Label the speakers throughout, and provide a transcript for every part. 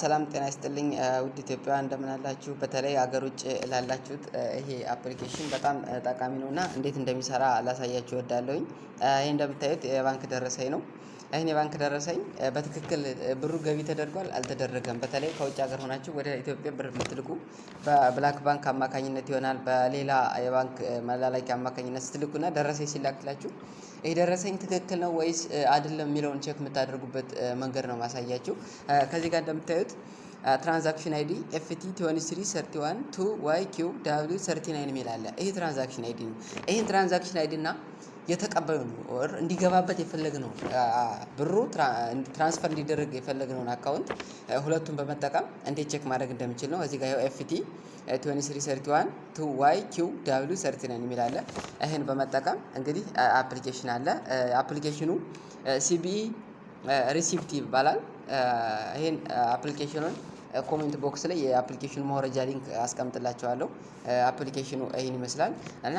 Speaker 1: ሰላም ጤና ይስጥልኝ ውድ ኢትዮጵያ እንደምን አላችሁ? በተለይ አገር ውጭ ላላችሁት ይሄ አፕሊኬሽን በጣም ጠቃሚ ነው እና እንዴት እንደሚሰራ ላሳያችሁ እወዳለሁኝ። ይህ እንደምታዩት የባንክ ደረሰኝ ነው። ይህን የባንክ ደረሰኝ በትክክል ብሩ ገቢ ተደርጓል አልተደረገም። በተለይ ከውጭ ሀገር ሆናችሁ ወደ ኢትዮጵያ ብር የምትልቁ በብላክ ባንክ አማካኝነት ይሆናል። በሌላ የባንክ መላላኪያ አማካኝነት ስትልኩና ደረሰኝ ሲላክላችሁ የደረሰኝ ትክክል ነው ወይስ አይደለም የሚለውን ቼክ የምታደርጉበት መንገድ ነው ማሳያችሁ። ከዚህ ጋር እንደምታዩት ትራንዛክሽን አይዲ ኤፍቲ 2331 ቱ ዋይ ኪው ዳብሊው 39 የሚል አለ። ይሄ ትራንዛክሽን አይዲ ነው። ይህን ትራንዛክሽን አይዲ እና የተቀበሉ ወር እንዲገባበት የፈለግነው ብሩ ትራንስፈር እንዲደረግ የፈለግነውን አካውንት ሁለቱን በመጠቀም እንዴት ቼክ ማድረግ እንደምችል ነው። እዚህ ጋር ኤፍቲ 2331 ቱ ዋይ ኪው ዳብሊው ሰርቲናን የሚል አለ። ይህን በመጠቀም እንግዲህ አፕሊኬሽን አለ። አፕሊኬሽኑ ሲቢኢ ሪሲፕት ይባላል። ይህን አፕሊኬሽኑን ኮሜንት ቦክስ ላይ የአፕሊኬሽኑ መውረጃ ሊንክ አስቀምጥላቸዋለሁ። አፕሊኬሽኑ ይህን ይመስላል እና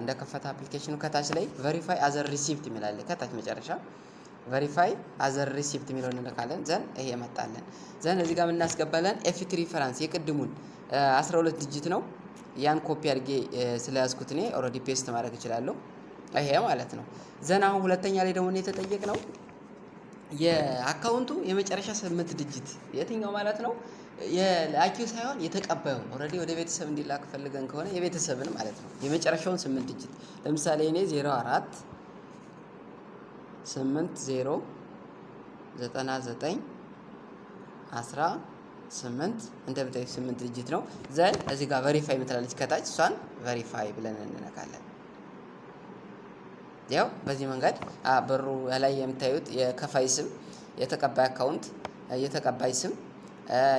Speaker 1: እንደ ከፈተ አፕሊኬሽኑ ከታች ላይ ቨሪፋይ አዘር ሪሲፕት ይላል። ከታች መጨረሻ ቨሪፋይ አዘር ሪሲፕት የሚለውን እንልካለን። ዘን ይሄ መጣለን። ዘን እዚህ ጋር የምናስገባለን ኤፊት ሪፈራንስ የቅድሙን 12 ዲጂት ነው። ያን ኮፒ አድርጌ ስለያዝኩት እኔ ኦልሬዲ ፔስት ማድረግ እችላለሁ። ይሄ ማለት ነው። ዘን አሁን ሁለተኛ ላይ ደግሞ የተጠየቅ ነው የአካውንቱ የመጨረሻ ስምንት ድጅት የትኛው ማለት ነው? የላኪው ሳይሆን የተቀባዩ ኦልሬዲ ወደ ቤተሰብ እንዲላክ ፈልገን ከሆነ የቤተሰብን ማለት ነው። የመጨረሻውን ስምንት ድጅት ለምሳሌ እኔ ዜሮ አራት ስምንት ዜሮ ዘጠና ዘጠኝ አስራ ስምንት እንደምታዩት ስምንት ድጅት ነው። ዘን እዚህ ጋር ቨሪፋይ የምትላለች ከታች እሷን ቨሪፋይ ብለን እንነካለን። ያው በዚህ መንገድ በሩ ላይ የምታዩት የከፋይ ስም፣ የተቀባይ አካውንት፣ የተቀባይ ስም፣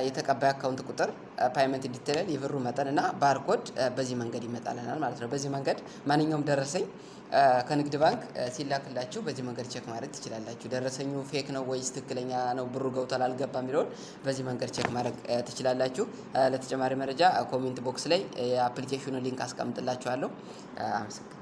Speaker 1: የተቀባይ አካውንት ቁጥር፣ ፓይመንት ዲቴል፣ የብሩ መጠን እና ባርኮድ በዚህ መንገድ ይመጣልናል ማለት ነው። በዚህ መንገድ ማንኛውም ደረሰኝ ከንግድ ባንክ ሲላክላችሁ በዚህ መንገድ ቼክ ማድረግ ትችላላችሁ። ደረሰኙ ፌክ ነው ወይስ ትክክለኛ ነው፣ ብሩ ገብቷል አልገባም የሚለውን በዚህ መንገድ ቼክ ማድረግ ትችላላችሁ። ለተጨማሪ መረጃ ኮሜንት ቦክስ ላይ የአፕሊኬሽኑ ሊንክ አስቀምጥላችኋለሁ። አመሰግናለሁ።